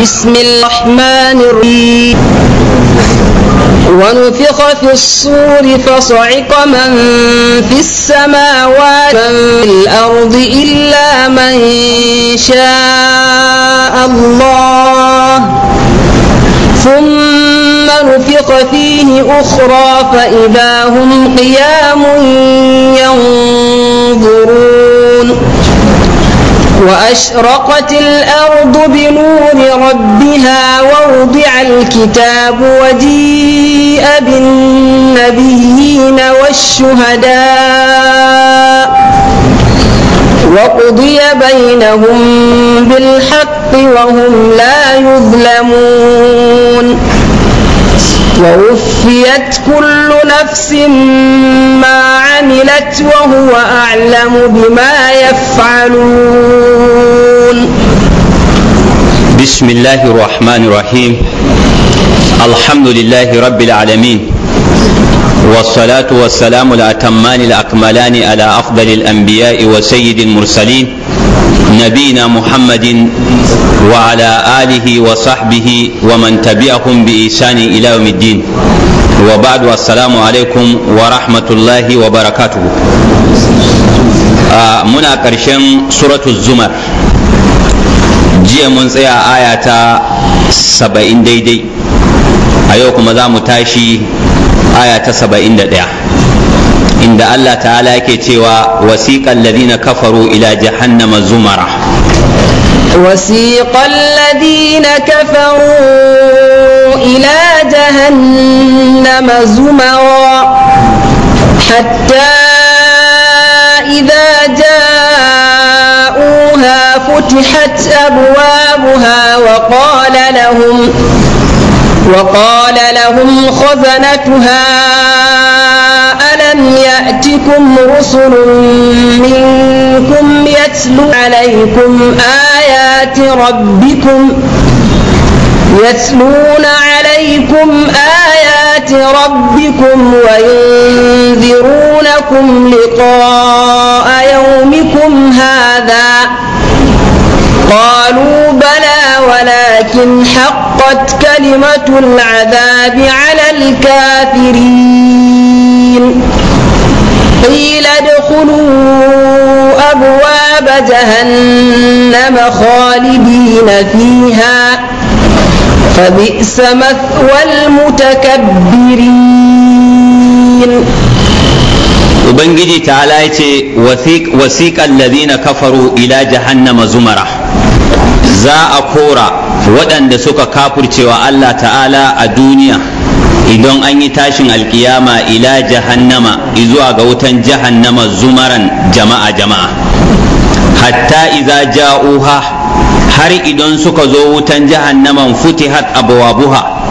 بسم الرحمن الرحيم ونفخ في الصور فصعق من في السماوات من في الأرض إلا من شاء الله ثم نفخ فيه أخرى فإذا هم قيام ينظرون وأشرقت الأرض بنور ربها ووضع الكتاب وجيء بالنبيين والشهداء وقضي بينهم بالحق وهم لا يظلمون ووفيت كل نفس ما عملت وهو أعلم بما يفعلون بسم الله الرحمن الرحيم الحمد لله رب العالمين والصلاة والسلام الأتمان الأكملان على أفضل الأنبياء وسيد المرسلين نبينا محمد وعلى آله وصحبه ومن تبعهم بإحسان إلى يوم الدين وبعد السلام عليكم ورحمة الله وبركاته آه، منا كرشن سورة الزمر جي من tsaya aya آية سبعين saba'in daidai a yau kuma aya ta 71 inda Allah ta'ala yake cewa wasiqal ladina kafaru ila jahannama zumara ladina kafaru ila jahannama zumara hatta حتى ja'uha futihat فتحت wa qala lahum وقال لهم خزنتها ألم يأتكم رسل منكم يتلو عليكم آيات ربكم يتلون عليكم آيات ربكم وينذرونكم لقاء يومكم قالوا بلى ولكن حقت كلمة العذاب على الكافرين قيل ادخلوا أبواب جهنم خالدين فيها فبئس مثوى المتكبرين وبنجي تعالى وثيق وثيق الذين كفروا إلى جهنم زمره za a kora waɗanda suka kafurcewa Allah ta'ala a duniya idan an yi tashin alkiyama ila jahannama zuwa ga wutan jahannama zumaran jama'a jama'a hatta iza ja'uha har idan suka zo wutan jahannaman futihat abwabuha